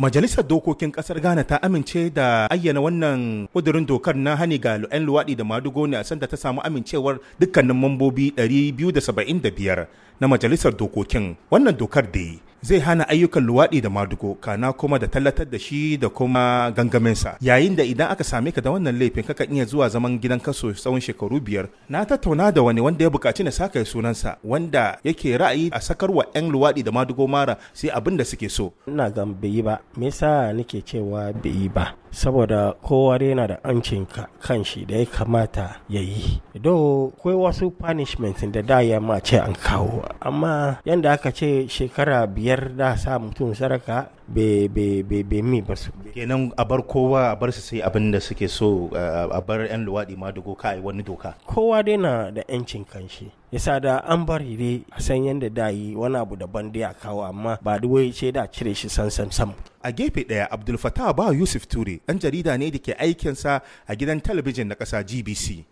Majalisar Dokokin Ƙasar Ghana ta amince da ayyana wannan ƙudurin dokar na hani ga 'yan luwaɗi da madugo ne a sanda ta samu amincewar dukkanin mambobi 275 na Majalisar Dokokin. Wannan dokar da zai hana ayyukan luwaɗi da madugo kana kuma da tallatar da shi da kuma gangaminsa yayin da idan aka same ka da wannan laifin kaka iya zuwa zaman gidan kaso tsawon shekaru biyar na tattauna da wani wanda ya buƙaci na saka sunansa wanda yake ra'ayi a sakar wa 'yan luwaɗi da madugo mara sai abin da suke so ina gan bai yi ba me yasa nake cewa bai yi ba saboda kowa dai yana da ancin kan shi da ya kamata ya yi do kai wasu punishment da da ya ma ce an kawo amma yanda aka ce shekara biyar da sa mutum saraka be mi ba su kenan a bar kowa a bar su sai abin da suke so a bar yan luwaɗi ma dogo ka wani doka kowa dai na da yancin kanshi yasa da an bar dai a san yadda da yi wani abu daban da ya kawo amma ba duwai ce da cire shi sansan sam a gefe daya abdulfatah ba yusuf ture ɗan jarida ne da ke aikinsa a gidan talabijin na ƙasa gbc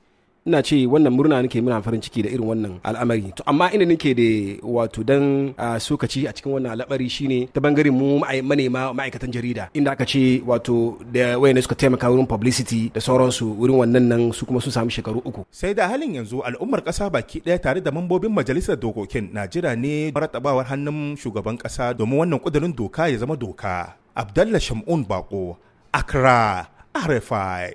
ina ce wannan murna nake muna farin ciki da irin wannan al'amari to amma ina nake da wato dan sokaci a cikin wannan al'amari shine ta bangaren mu manema ma'aikatan jarida inda aka ce wato da ne suka taimaka wurin publicity da sauransu wurin wannan nan su kuma sun samu shekaru uku sai da halin yanzu al'ummar kasa baki daya tare da mambobin majalisar dokokin na jira ne tabawar hannun shugaban kasa domin wannan kudirin doka ya zama doka abdallah shamun bako accra rfi